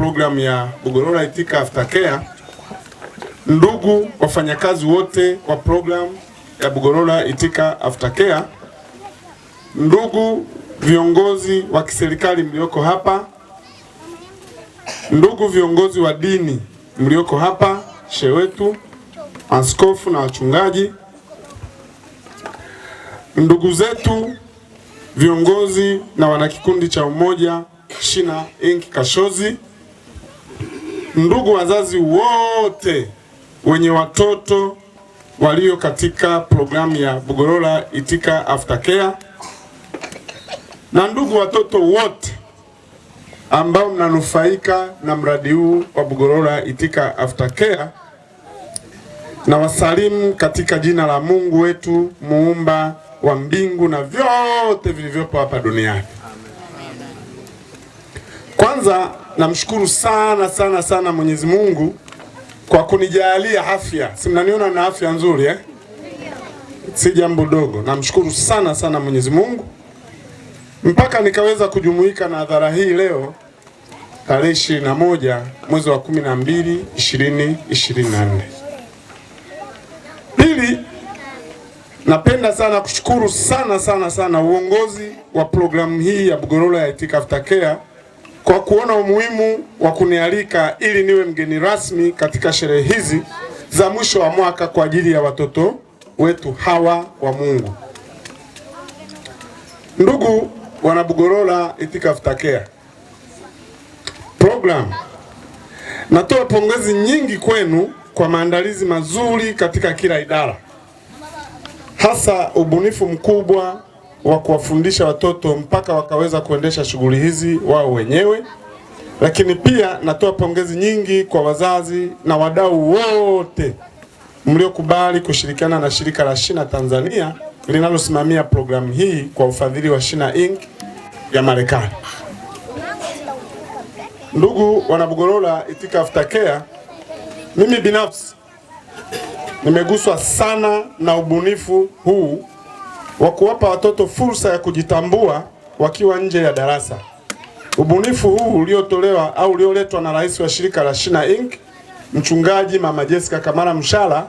program ya bugorora Itika Aftercare. Ndugu wafanyakazi wote wa program ya bugorora Itika Aftercare, ndugu viongozi wa kiserikali mlioko hapa, ndugu viongozi wa dini mlioko hapa, shehe wetu, askofu na wachungaji, ndugu zetu viongozi na wanakikundi cha Umoja Shina Inc Kashozi Ndugu wazazi wote wenye watoto walio katika programu ya bugorola Itika Aftercare, na ndugu watoto wote ambao mnanufaika na mradi huu wa bugorola Itika Aftercare, na wasalimu katika jina la Mungu wetu muumba wa mbingu na vyote vilivyopo hapa duniani. Kwanza Namshukuru sana sana sana Mwenyezi Mungu kwa kunijalia afya. Si mnaniona na afya nzuri eh? Si jambo dogo. Namshukuru sana sana Mwenyezi Mungu mpaka nikaweza kujumuika na hadhara hii leo tarehe moja mwezi wa na nne. Pili, napenda sana kushukuru sana sana sana uongozi wa programu hii ya Bugorola ya Itika kwa kuona umuhimu wa kunialika ili niwe mgeni rasmi katika sherehe hizi za mwisho wa mwaka kwa ajili ya watoto wetu hawa wa Mungu. Ndugu wanabugorola itika futakea program, natoa pongezi nyingi kwenu kwa maandalizi mazuri katika kila idara, hasa ubunifu mkubwa wa kuwafundisha watoto mpaka wakaweza kuendesha shughuli hizi wao wenyewe. Lakini pia natoa pongezi nyingi kwa wazazi na wadau wote mliokubali kushirikiana na shirika la Shina Tanzania linalosimamia programu hii kwa ufadhili wa Shina Inc ya Marekani. Ndugu wanabugorola Itika Aftercare, mimi binafsi nimeguswa sana na ubunifu huu wa kuwapa watoto fursa ya kujitambua wakiwa nje ya darasa. Ubunifu huu uliotolewa au ulioletwa na rais wa shirika la Shina Inc, mchungaji Mama Jessica Kamara Mshara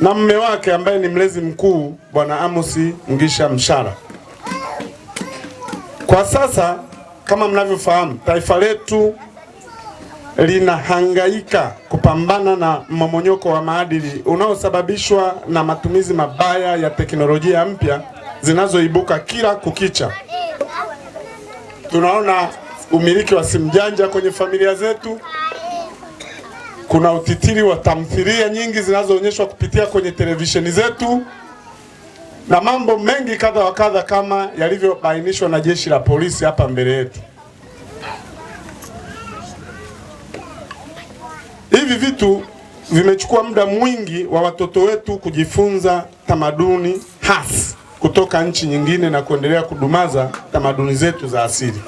na mume wake ambaye ni mlezi mkuu Bwana Amosi ngisha Mshara. Kwa sasa kama mnavyofahamu, taifa letu linahangaika kupambana na mmomonyoko wa maadili unaosababishwa na matumizi mabaya ya teknolojia mpya zinazoibuka kila kukicha. Tunaona umiliki wa simu janja kwenye familia zetu. Kuna utitiri wa tamthilia nyingi zinazoonyeshwa kupitia kwenye televisheni zetu na mambo mengi kadha wa kadha kama yalivyobainishwa na jeshi la polisi hapa mbele yetu. Hivi vitu vimechukua muda mwingi wa watoto wetu kujifunza tamaduni hasi kutoka nchi nyingine na kuendelea kudumaza tamaduni zetu za asili.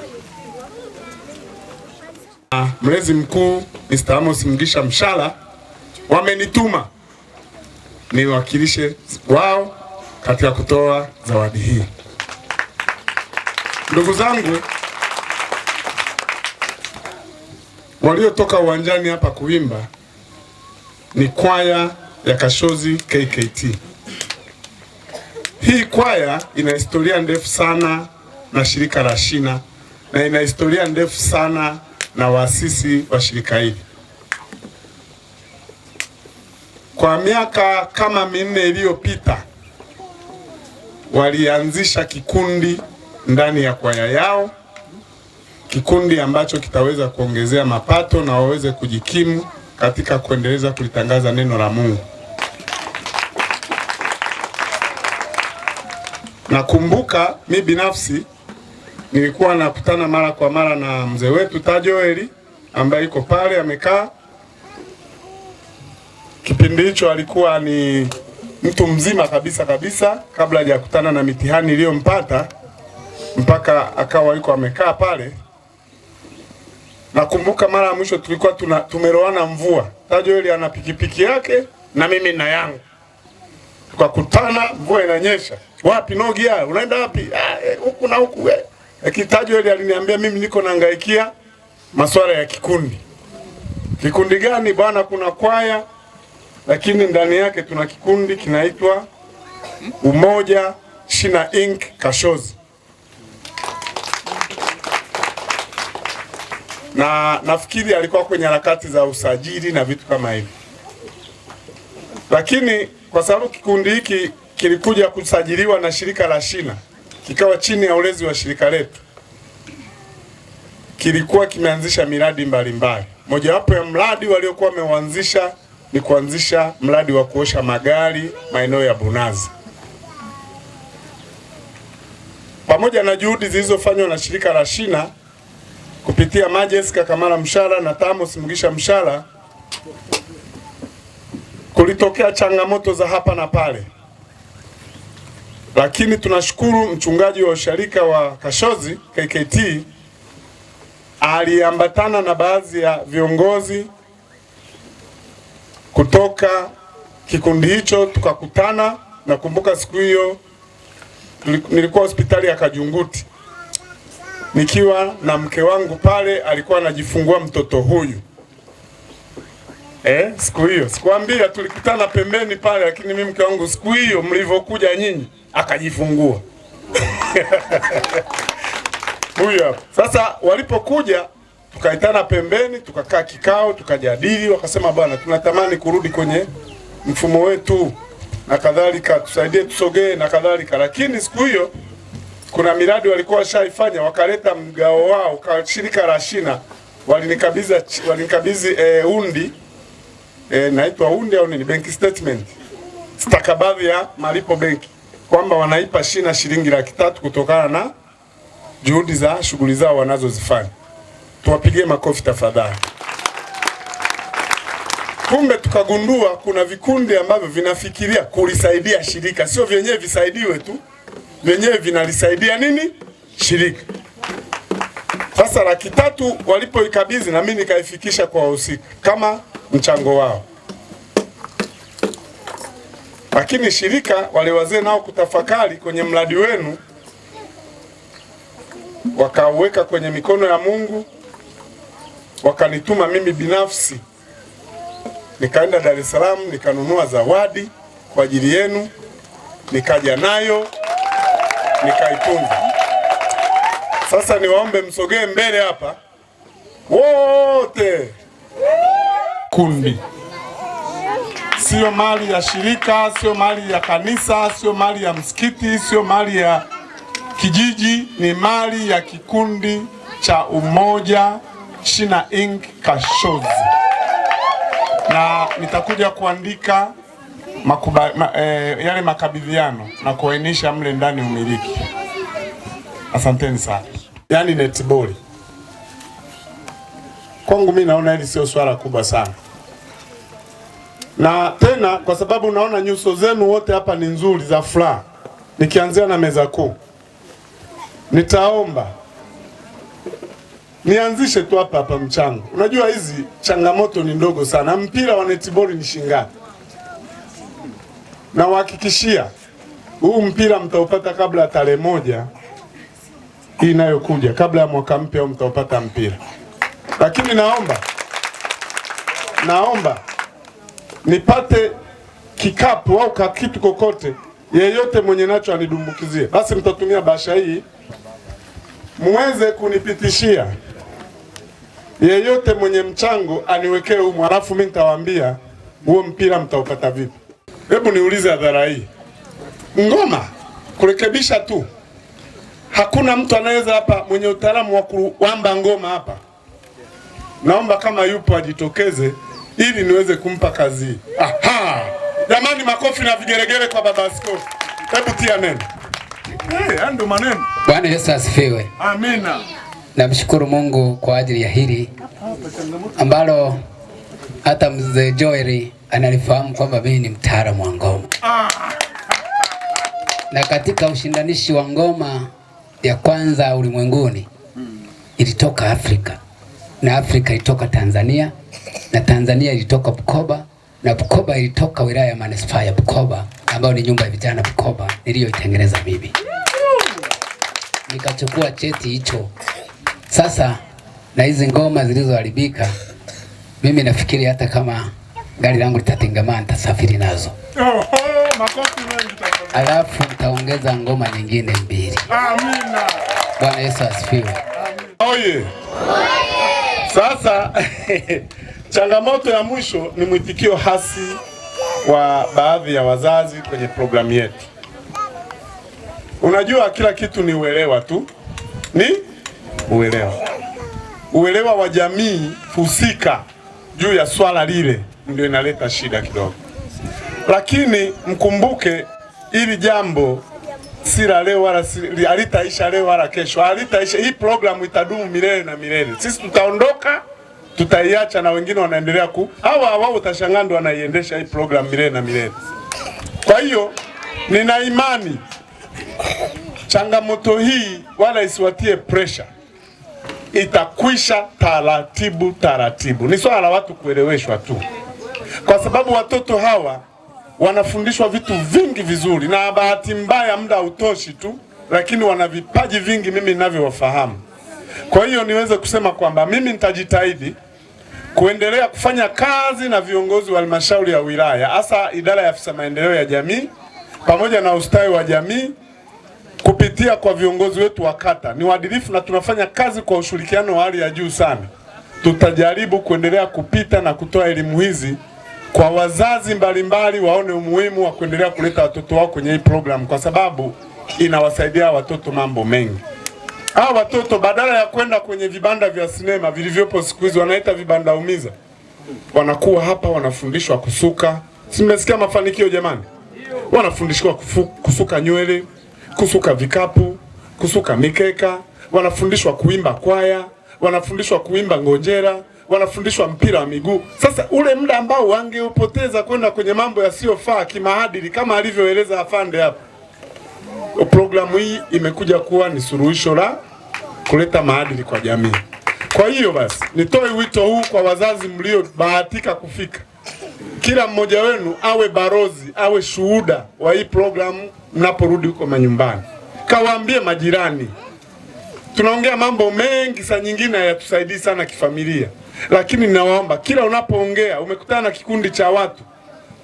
Mlezi mkuu Mr. Amos Mgisha Mshala wamenituma niwakilishe wao katika kutoa zawadi hii. Ndugu zangu Waliotoka uwanjani hapa kuimba ni kwaya ya Kashozi KKT. Hii kwaya ina historia ndefu sana na shirika la Shina na ina historia ndefu sana na waasisi wa shirika hili. Kwa miaka kama minne iliyopita walianzisha kikundi ndani ya kwaya yao kikundi ambacho kitaweza kuongezea mapato na waweze kujikimu katika kuendeleza kulitangaza neno la Mungu. Nakumbuka mi binafsi nilikuwa nakutana mara kwa mara na mzee wetu Tajoeli ambaye yuko pale amekaa. Kipindi hicho alikuwa ni mtu mzima kabisa kabisa, kabla hajakutana na mitihani iliyompata mpaka akawa yuko amekaa pale. Nakumbuka mara ya mwisho tulikuwa tuna tumeroana mvua. Joel ana pikipiki yake na mimi na yangu. Tukakutana mvua inanyesha. Wapi no gia? Unaenda wapi? Ah, eh, huku na huku wewe. Eh. Lakini Joel aliniambia mimi niko nahangaikia masuala ya kikundi. Kikundi gani bwana? Kuna kwaya lakini ndani yake tuna kikundi kinaitwa Umoja Shina Inc Kashozi. na nafikiri alikuwa kwenye harakati za usajili na vitu kama hivi, lakini kwa sababu kikundi hiki kilikuja kusajiliwa na shirika la shina kikawa chini ya ulezi wa shirika letu, kilikuwa kimeanzisha miradi mbalimbali. Mojawapo ya mradi waliokuwa wameuanzisha ni kuanzisha mradi wa kuosha magari maeneo ya Bunazi. Pamoja na juhudi zilizofanywa na shirika la shina kupitia Majes Kakamala Mshara na Tamos Mgisha Mshara kulitokea changamoto za hapa na pale, lakini tunashukuru mchungaji wa usharika wa Kashozi KKT aliambatana na baadhi ya viongozi kutoka kikundi hicho, tukakutana. Nakumbuka siku hiyo nilikuwa hospitali ya Kajunguti nikiwa na mke wangu pale, alikuwa anajifungua mtoto huyu eh. Siku hiyo sikuambia, tulikutana pembeni pale, lakini mimi mke wangu siku hiyo mlivyokuja nyinyi akajifungua huyu hapa. Sasa walipokuja tukaitana pembeni, tukakaa kikao, tukajadili. Wakasema bwana, tunatamani kurudi kwenye mfumo wetu na kadhalika, tusaidie, tusogee na kadhalika, lakini siku hiyo kuna miradi walikuwa washaifanya wakaleta mgao wao kwa shirika la shina walinikabidhi walinikabidhi eh, undi eh, naitwa undi au ni bank statement stakabadhi ya malipo benki kwamba wanaipa shina shilingi laki tatu kutokana na juhudi za shughuli zao wanazozifanya. Tuwapigie makofi tafadhali. Kumbe tukagundua kuna vikundi ambavyo vinafikiria kulisaidia shirika, sio vyenyewe visaidiwe tu vyenyewe vinalisaidia nini shirika. Sasa laki tatu walipoikabidhi, na mimi nikaifikisha kwa wahusika kama mchango wao, lakini shirika wale wazee nao kutafakari kwenye mradi wenu, wakauweka kwenye mikono ya Mungu, wakanituma mimi binafsi nikaenda Dar es Salaam nikanunua zawadi kwa ajili yenu, nikaja nayo nikaitunza. Sasa niwaombe msogee mbele hapa wote. Kundi sio mali ya shirika, sio mali ya kanisa, sio mali ya msikiti, sio mali ya kijiji, ni mali ya kikundi cha Umoja China Inc Kashozi, na nitakuja kuandika makuba, ma, eh, yale makabidhiano na kuainisha mle ndani umiliki. Asanteni sana. Yaani netball kwangu mimi naona hili sio swala kubwa sana, na tena kwa sababu naona nyuso zenu wote hapa ni nzuri za furaha. Nikianzia na meza kuu, nitaomba nianzishe tu hapa hapa mchango. Unajua hizi changamoto ni ndogo sana. Mpira wa netball ni shingapi? nawahakikishia huu mpira mtaupata kabla ya tarehe moja hii inayokuja, kabla ya mwaka mpya, au mtaupata mpira. Lakini naomba naomba nipate kikapu au kakitu kitu kokote, yeyote mwenye nacho anidumbukizie. Basi mtatumia bahasha hii muweze kunipitishia, yeyote mwenye mchango aniwekee humo, halafu mimi nitawaambia huo mpira mtaupata vipi. Hebu niulize hadhara hii, ngoma kurekebisha tu, hakuna mtu anaweza hapa mwenye utaalamu wa kuamba ngoma hapa. Naomba kama yupo ajitokeze ili niweze kumpa kazi Aha! Jamani, makofi na vigeregere kwa baba askofu. Hebu tia neno. Hey, ndo maneno. Bwana Yesu asifiwe. Amina. Namshukuru Mungu kwa ajili ya hili ambalo hata mzee Joeli analifahamu kwamba mimi ni mtaalamu wa ngoma, ah. na katika ushindanishi wa ngoma ya kwanza ulimwenguni hmm. ilitoka Afrika na Afrika ilitoka Tanzania na Tanzania ilitoka Bukoba na Bukoba ilitoka wilaya ya manispaa ya Bukoba ambayo ni nyumba ya vijana Bukoba niliyoitengeneza mimi, nikachukua cheti hicho. Sasa na hizi ngoma zilizoharibika, mimi nafikiri hata kama gari langu litatengemaa, nitasafiri nazo. Alafu nitaongeza ngoma nyingine mbili. Amina. Bwana Yesu asifiwe. Oye. Sasa changamoto ya mwisho ni mwitikio hasi wa baadhi ya wazazi kwenye programu yetu. Unajua, kila kitu ni uelewa tu, ni uelewa, uelewa wa jamii husika juu ya swala lile ndio inaleta shida kidogo, lakini mkumbuke hili jambo si la leo wala si, halitaisha leo wala kesho, halitaisha. Hii programu itadumu milele na milele. Sisi tutaondoka, tutaiacha na wengine wanaendelea ku hawa hawa, utashangaa ndo wanaiendesha hii programu milele na milele. Kwa hiyo nina imani changamoto hii wala isiwatie pressure, itakwisha taratibu taratibu. Ni swala la watu kueleweshwa tu kwa sababu watoto hawa wanafundishwa vitu vingi vizuri, na bahati mbaya muda hautoshi tu, lakini wana vipaji vingi mimi ninavyowafahamu. Kwa hiyo niweze kusema kwamba mimi nitajitahidi kuendelea kufanya kazi na viongozi wa halmashauri ya wilaya, hasa idara ya afisa maendeleo ya jamii pamoja na ustawi wa jamii kupitia kwa viongozi wetu wa kata. Ni waadilifu na tunafanya kazi kwa ushirikiano wa hali ya juu sana. Tutajaribu kuendelea kupita na kutoa elimu hizi kwa wazazi mbalimbali waone umuhimu wa kuendelea kuleta watoto wao kwenye hii program, kwa sababu inawasaidia watoto mambo mengi. Hawa watoto badala ya kwenda kwenye vibanda vya sinema vilivyopo siku hizi, wanaita vibanda umiza, wanakuwa hapa wanafundishwa kusuka. Simesikia mafanikio jamani? Wanafundishwa kusuka nywele, kusuka vikapu, kusuka mikeka, wanafundishwa kuimba kwaya, wanafundishwa kuimba ngonjera wanafundishwa mpira wa miguu. Sasa ule muda ambao wangeupoteza kwenda kwenye mambo yasiyofaa kimaadili, kama alivyoeleza afande hapo, programu hii imekuja kuwa ni suluhisho la kuleta maadili kwa jamii. Kwa hiyo basi, nitoe wito huu kwa wazazi mliobahatika kufika, kila mmoja wenu awe barozi, awe shuhuda wa hii programu. Mnaporudi huko manyumbani, kawaambie majirani. Tunaongea mambo mengi, saa nyingine hayatusaidii sana kifamilia. Lakini ninawaomba kila unapoongea, umekutana na kikundi cha watu,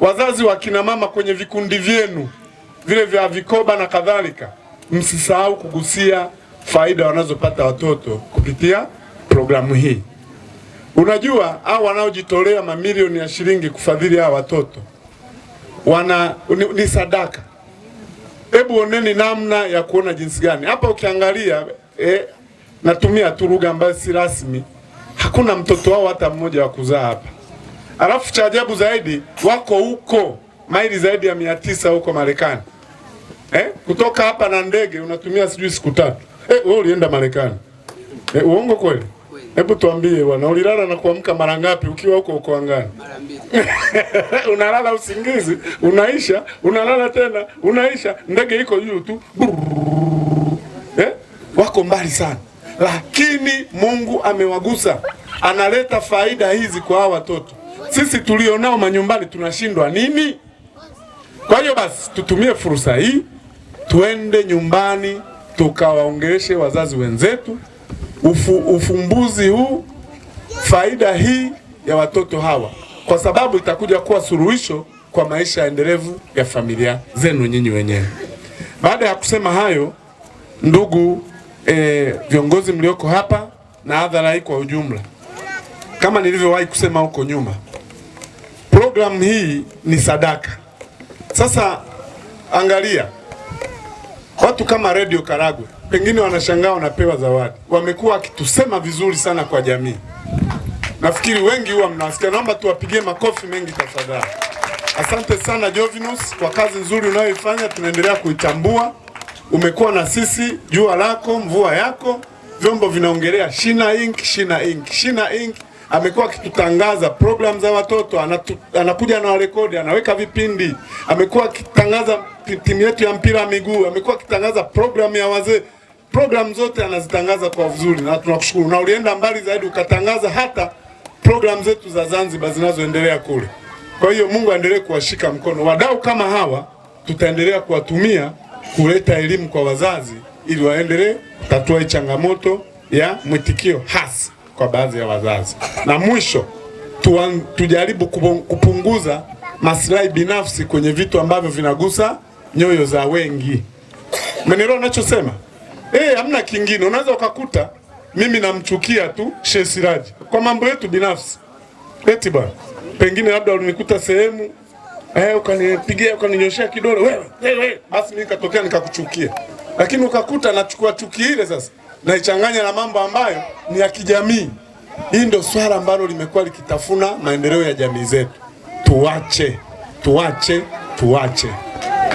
wazazi wa kina mama kwenye vikundi vyenu vile vya vikoba na kadhalika, msisahau kugusia faida wanazopata watoto kupitia programu hii. Unajua, au wanaojitolea mamilioni ya shilingi kufadhili hawa watoto wana ni, ni sadaka. Hebu oneni namna ya kuona jinsi gani hapa. Ukiangalia eh, natumia tu lugha ambayo si rasmi hakuna mtoto wao hata mmoja wa kuzaa hapa. Alafu cha ajabu zaidi wako huko maili zaidi ya mia tisa huko Marekani eh? Kutoka hapa na ndege unatumia sijui siku tatu eh, wewe ulienda Marekani eh, uongo kweli? Hebu tuambie bwana, ulilala na kuamka mara ngapi ukiwa huko uko angani? Mara mbili. Unalala usingizi, unaisha, unalala tena, unaisha, ndege iko juu tu. Eh? Wako mbali sana lakini Mungu amewagusa, analeta faida hizi kwa hawa watoto. Sisi tulionao manyumbani tunashindwa nini? Kwa hiyo basi tutumie fursa hii, tuende nyumbani tukawaongeeshe wazazi wenzetu ufu, ufumbuzi huu, faida hii ya watoto hawa, kwa sababu itakuja kuwa suluhisho kwa maisha endelevu ya familia zenu nyinyi wenyewe. Baada ya kusema hayo, ndugu e, viongozi mlioko hapa na hadhara hii kwa ujumla. Kama nilivyowahi kusema huko nyuma, programu hii ni sadaka. Sasa angalia watu kama Radio Karagwe pengine wanashangaa wanapewa zawadi. Wamekuwa wakitusema vizuri sana kwa jamii, nafikiri wengi huwa mnawasikia. Naomba tuwapigie makofi mengi tafadhali. Asante sana Jovinus kwa kazi nzuri unayoifanya, tunaendelea kuitambua umekuwa na sisi, jua lako mvua yako, vyombo vinaongelea Shina Inc, Shina Inc, Shina Inc. Amekuwa akitutangaza program za watoto anatu, anakuja na rekodi anaweka vipindi, amekuwa akitangaza timu yetu ya mpira wa miguu, amekuwa akitangaza program ya wazee program zote anazitangaza kwa vizuri na tunakushukuru, na ulienda mbali zaidi ukatangaza hata program zetu za Zanzibar zinazoendelea kule. Kwa hiyo Mungu aendelee kuwashika mkono wadau kama hawa, tutaendelea kuwatumia kuleta elimu kwa wazazi ili waendelee tatua changamoto ya mwitikio hasa kwa baadhi ya wazazi. Na mwisho tuan, tujaribu kupunguza maslahi binafsi kwenye vitu ambavyo vinagusa nyoyo za wengi. Mwenelewa unachosema? Eh, hamna kingine. Unaweza ukakuta mimi namchukia tu Sheikh Siraji kwa mambo yetu binafsi, eti bwana, pengine labda ulinikuta sehemu eh, ukanipigia ukaninyoshea kidole wewe wewe, basi mimi nikatokea nikakuchukia, lakini ukakuta nachukua chuki ile sasa naichanganya na mambo ambayo ni ya kijamii. Hii ndio swala ambalo limekuwa likitafuna maendeleo ya jamii zetu. Tuache, tuache, tuache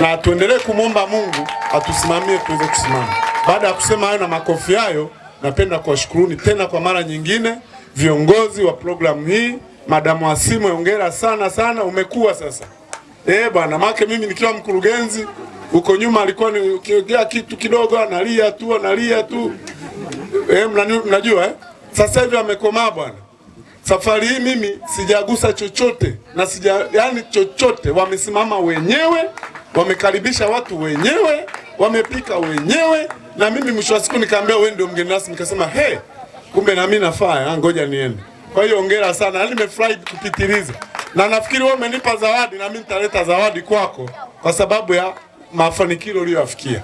na tuendelee kumwomba Mungu atusimamie tuweze kusimama. Baada ya kusema hayo na makofi hayo, napenda kuwashukuruni tena kwa mara nyingine viongozi wa programu hii. Madamu Asimo, hongera sana sana, umekuwa sasa eh bwana, make mimi nikiwa mkurugenzi huko nyuma alikuwa ni ukiongea kitu kidogo analia tu analia tu eh, mnajua eh? Sasa hivi amekomaa bwana. Safari hii mimi sijagusa chochote na sija, yani chochote, wamesimama wenyewe, wamekaribisha watu wenyewe, wamepika wenyewe, na mimi mwisho wa siku nikaambia wewe ndio mgeni rasmi, nikasema he, kumbe na mimi nafaa, ah, ngoja niende. Kwa hiyo hongera sana, yaani nimefurahi kupitiliza na nafikiri wewe umenipa zawadi na mimi nitaleta zawadi kwako kwa sababu ya mafanikio uliyoyafikia.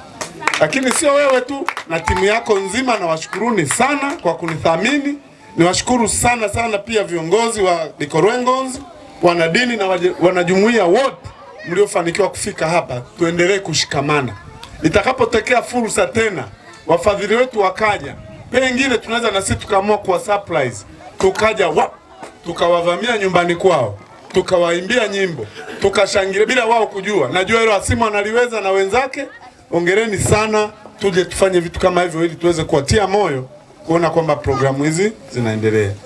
Lakini sio wewe tu, na timu yako nzima. Nawashukuruni sana kwa kunithamini. Niwashukuru sana sana pia viongozi wa Mikorengons, wanadini na wanajumuiya wote mliofanikiwa kufika hapa. Tuendelee kushikamana. Itakapotokea fursa tena, wafadhili wetu wakaja, pengine tunaweza na sisi tukaamua kuwa surprise, tukaja wa tukawavamia nyumbani kwao tukawaimbia nyimbo tukashangilia bila wao kujua. Najua hilo Asimu analiweza na wenzake, ongereni sana, tuje tufanye vitu kama hivyo ili tuweze kuwatia moyo kuona kwamba programu hizi zinaendelea.